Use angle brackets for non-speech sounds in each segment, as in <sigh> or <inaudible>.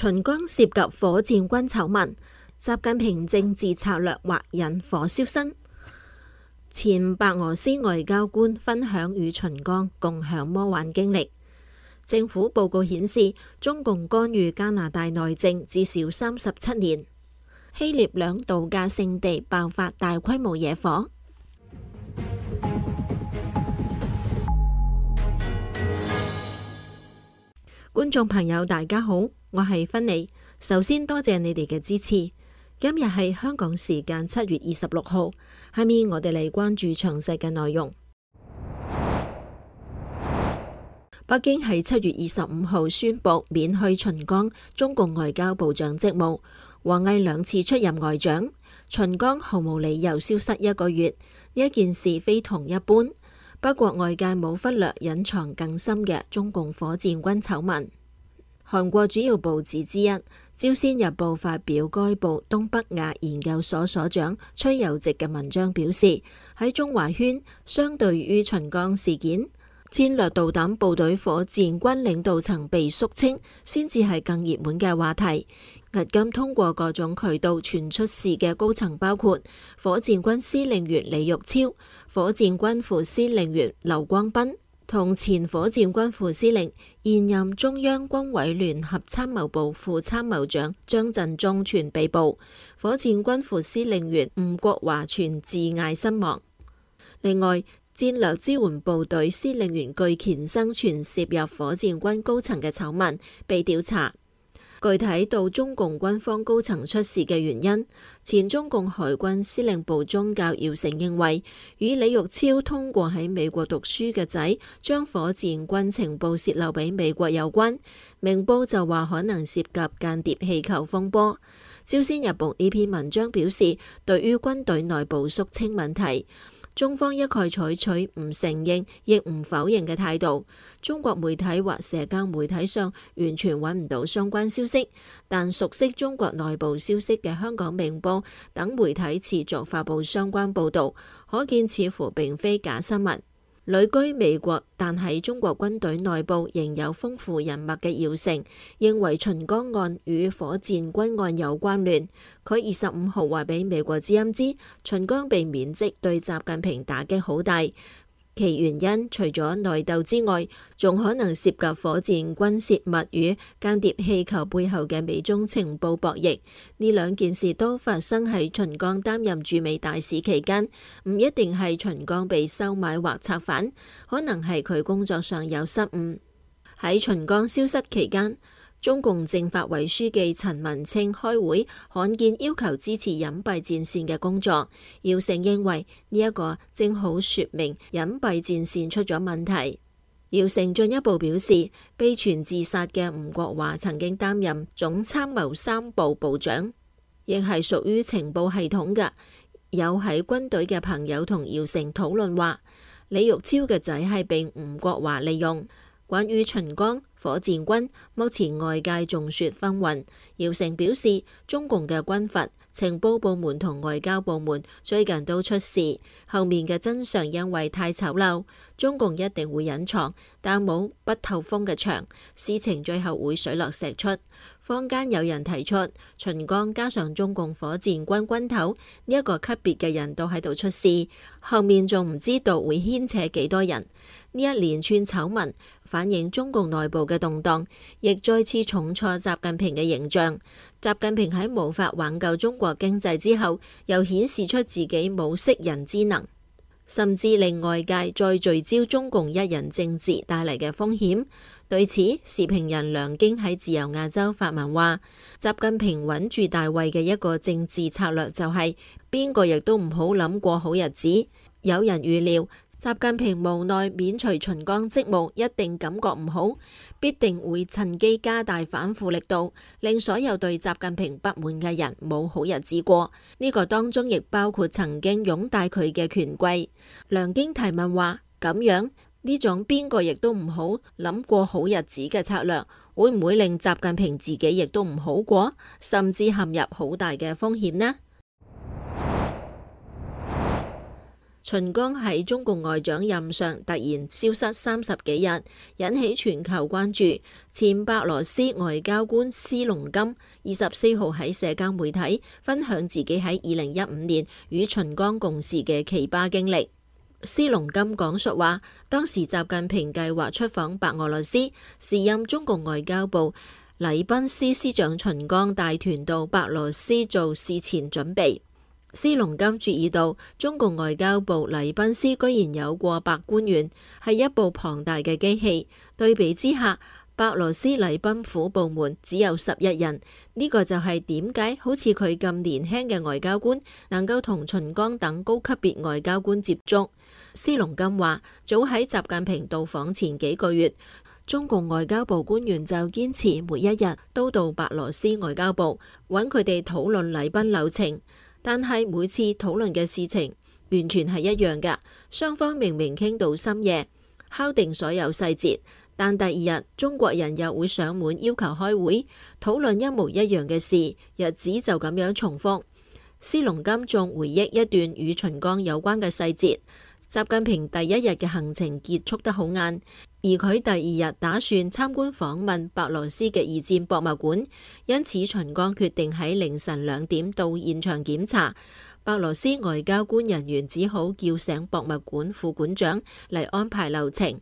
秦剛涉及火箭軍醜聞，習近平政治策略或引火燒身。前白俄羅斯外交官分享與秦剛共事魔幻經歷。政府報告顯示，中共干預加拿大內政至少三十七年。希臘兩度假勝地爆發大規模野火。觀眾朋友，大家好。我係芬妮，首先多謝你哋嘅支持。今日係香港時間七月二十六號，下面我哋嚟關注詳細嘅內容。 <noise> 北京喺七月二十五號宣布免去秦剛中共外交部長職務，王毅兩次出任外長，秦剛毫無理由消失一個月，呢一件事非同一般。不過外界冇忽略隱藏更深嘅中共火箭軍醜聞。韓國主要報紙之一《朝鮮日報》發表該報東北亞研究所所，所長崔友植嘅文章，表示喺中華圈，相對於秦江事件，戰略導彈部隊火箭軍領導層被肅清先至係更熱門嘅話題。迄今通過各種渠道傳出事嘅高層包括火箭軍司令員李玉超、火箭軍副司令員劉光斌。同前火箭軍副司令、現任中央軍委聯合參謀部副參謀長張振中傳被捕，火箭軍副司令員吳國華傳自縊身亡。另外，戰略支援部隊司令員巨乾生傳涉入火箭軍高層嘅醜聞，被調查。具體到中共軍方高層出事嘅原因，前中共海軍司令部中校姚成認為，與李玉超通過喺美國讀書嘅仔將火箭軍情報洩漏俾美國有關。明報就話可能涉及間諜氣球風波。朝鮮日報呢篇文章表示，對於軍隊內部肅清問題。中方一概採取唔承認，亦唔否認嘅態度，中國媒體或社交媒體上完全揾唔到相關消息，但熟悉中國內部消息嘅香港明報等媒體持續發布相關報導，可見似乎並非假新聞。旅居美國，但喺中國軍隊內部仍有豐富人脈嘅姚成認為秦剛案與火箭軍案有關聯。佢二十五號話俾美國之音知，秦剛被免職對習近平打擊好大。其原因除咗內鬥之外，仲可能涉及火箭軍洩密與間諜氣球背後嘅美中情報博弈。呢兩件事都發生喺秦剛擔任駐美大使期間，唔一定係秦剛被收買或策反，可能係佢工作上有失誤。喺秦剛消失期間，中共政法委書記陳文清開會，罕見要求支持隱蔽戰線嘅工作。姚成認為呢一個正好說明隱蔽戰線出咗問題。姚成進一步表示，被傳自殺嘅吳國華曾經擔任總參謀三部部長，亦係屬於情報系統嘅。有喺軍隊嘅朋友同姚成討論話，李玉超嘅仔係被吳國華利用，關於秦剛。火箭軍目前外界眾說紛紜，姚成表示中共嘅軍閥情報部門同外交部門最近都出事，後面嘅真相因為太醜陋，中共一定會隱藏，但冇不透風嘅牆，事情最後會水落石出。坊間有人提出秦剛加上中共火箭軍軍頭呢一個級別嘅人都喺度出事，後面仲唔知道會牽扯幾多人？呢一連串醜聞，反映中共內部嘅動蕩，亦再次重挫習近平嘅形象。習近平喺無法挽救中國經濟之後，又顯示出自己冇識人之能，甚至令外界再聚焦中共一人政治帶嚟嘅風險。對此，時評人梁京喺自由亞洲發文話：習近平穩住大位嘅一個政治策略就係邊個亦都唔好諗過好日子。有人預料。習近平無奈免除秦剛職務，一定感覺唔好，必定會趁機加大反腐力度，令所有對習近平不滿嘅人冇好日子過。呢、這個當中亦包括曾經擁戴佢嘅權貴。梁京提問話：咁樣呢種邊個亦都唔好諗過好日子嘅策略，會唔會令習近平自己亦都唔好過，甚至陷入好大嘅風險呢？秦剛喺中共外長任上突然消失三十幾日，引起全球關注。前白俄羅斯外交官斯隆金二十四號喺社交媒體分享自己喺二零一五年與秦剛共事嘅奇葩經歷，斯隆金講述話當時習近平計劃出訪白俄羅斯，時任中共外交部禮賓司司長秦剛帶團到白俄羅斯做事前準備。斯隆金注意到，中共外交部禮賓司居然有過百官員，係一部龐大嘅機器。對比之下，白羅斯禮賓府部門只有十一人，呢、這個就係點解好似佢咁年輕嘅外交官能夠同秦剛等高級別外交官接觸。斯隆金話：早喺習近平到訪前幾個月，中共外交部官員就堅持每一日都到白羅斯外交部揾佢哋討論禮賓流程。但係每次討論嘅事情完全係一樣嘅，雙方明明傾到深夜，敲定所有細節，但第二日中國人又會上門要求開會討論一模一樣嘅事，日子就咁樣重複。斯隆金仲回憶一段與秦剛有關嘅細節，習近平第一日嘅行程結束得好晏。而佢第二日打算參觀訪問白羅斯嘅二戰博物館，因此秦剛決定喺凌晨兩點到現場檢查。白羅斯外交官人員只好叫醒博物館副館長嚟安排流程。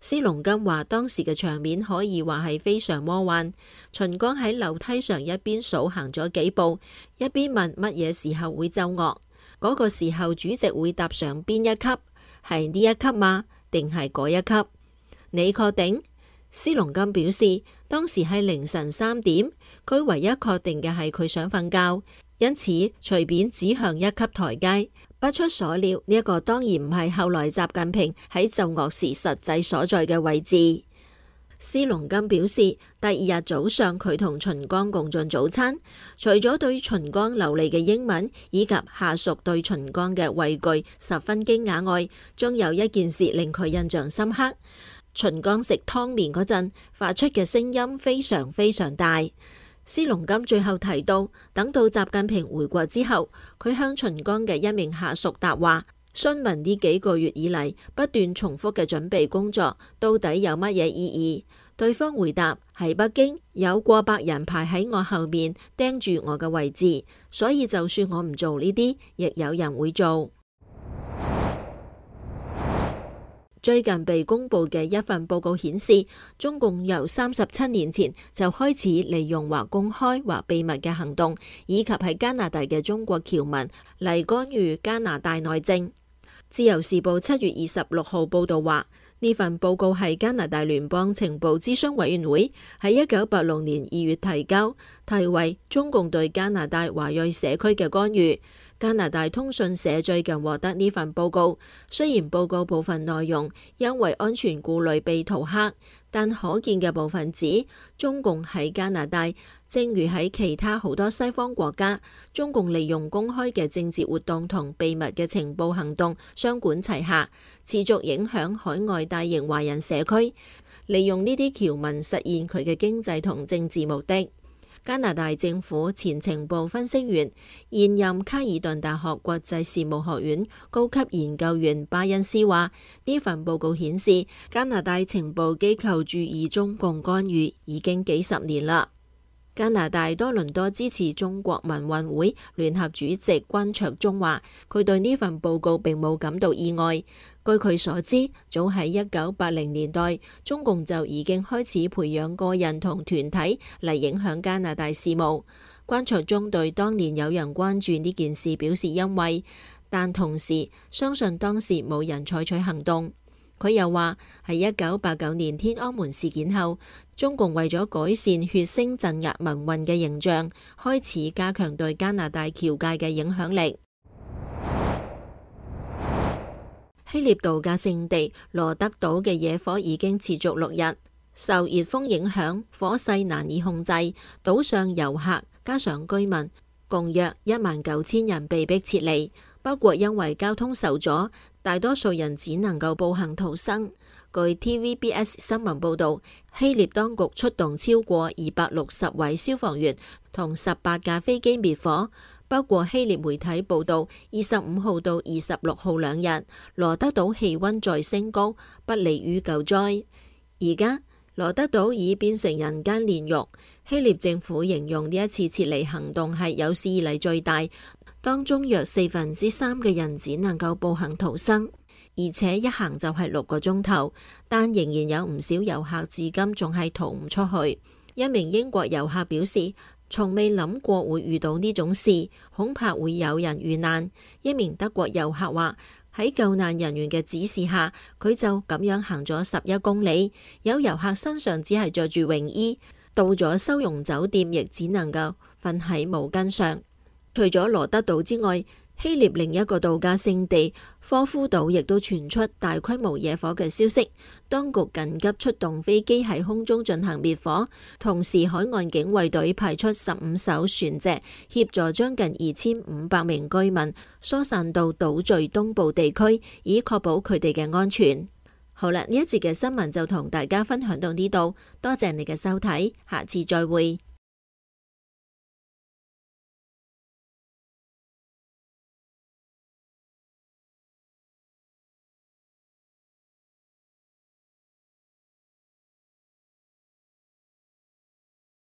斯隆金話當時嘅場面可以話係非常魔幻。秦剛喺樓梯上一邊數行咗幾步，一邊問乜嘢時候會奏樂？嗰、那個時候主席會踏上邊一級？係呢一級嗎？定係嗰一級？你確定？施隆金表示，當時係凌晨三點，佢唯一確定嘅係佢想瞓覺，因此隨便指向一級台階。不出所料，呢、這、一個當然唔係後來習近平喺奏樂時實際所在嘅位置。施隆金表示，第二日早上佢同秦剛共進早餐，除咗對秦剛流利嘅英文以及下屬對秦剛嘅畏懼十分驚訝外，仲有一件事令佢印象深刻。秦剛食湯麵嗰陣發出嘅聲音非常非常大。施龍金最後提到，等到習近平回國之後，佢向秦剛嘅一名下屬答話，詢問呢幾個月以嚟不斷重複嘅準備工作到底有乜嘢意義。對方回答：喺北京有過百人排喺我後面，盯住我嘅位置，所以就算我唔做呢啲，亦有人會做。最近被公佈嘅一份報告顯示，中共由三十七年前就開始利用或公開或秘密嘅行動，以及喺加拿大嘅中國僑民嚟干預加拿大內政。自由時報七月二十六號報道話，呢份報告係加拿大聯邦情報諮詢委員會喺一九八六年二月提交，題為中共對加拿大華裔社區嘅干預。加拿大通訊社最近獲得呢份報告，雖然報告部分內容因為安全顧慮被塗黑，但可見嘅部分指中共喺加拿大，正如喺其他好多西方國家，中共利用公開嘅政治活動同秘密嘅情報行動雙管齊下，持續影響海外大型華人社區，利用呢啲僑民實現佢嘅經濟同政治目的。加拿大政府前情報分析員、現任卡爾頓大學國際事務學院高級研究員巴恩斯話，呢份報告顯示，加拿大情報機構注意中共干預已經幾十年啦。加拿大多倫多支持中國民運會聯合主席關卓中話，佢對呢份報告並冇感到意外。據佢所知，早喺一九八零年代，中共就已經開始培養個人同團體嚟影響加拿大事務。關卓中對當年有人關注呢件事表示欣慰，但同時相信當時冇人採取行動。佢又話：喺一九八九年天安門事件後，中共為咗改善血腥鎮壓民運嘅形象，開始加強對加拿大僑界嘅影響力。 <noise> 希臘度假勝地羅德島嘅野火已經持續六日，受熱風影響，火勢難以控制。島上遊客加上居民共約一萬九千人被迫撤離，包括因為交通受阻。大多數人只能夠步行逃生。據 TVBS 新聞報道，希臘當局出動超過二百六十位消防員同十八架飛機滅火。包括希臘媒體報道，二十五號到二十六號兩日，羅德島氣溫再升高，不利於救災。而家。羅德島已變成人間煉獄。希臘政府形容呢一次撤離行動係有史以嚟最大，當中約四分之三嘅人只能夠步行逃生，而且一行就係六個鐘頭。但仍然有唔少遊客至今仲係逃唔出去。一名英國遊客表示，從未諗過會遇到呢種事，恐怕會有人遇難。一名德國遊客話：喺救難人員嘅指示下，佢就咁樣行咗十一公里。有遊客身上只係着住泳衣，到咗收容酒店亦只能夠瞓喺毛巾上。除咗羅德島之外，希臘另一個度假勝地科夫島亦都傳出大規模野火嘅消息，當局緊急出動飛機喺空中進行滅火，同時海岸警衛隊派出十五艘船隻協助將近二千五百名居民疏散到島最東部地區，以確保佢哋嘅安全。好啦，呢一節嘅新聞就同大家分享到呢度，多謝你嘅收睇，下次再會。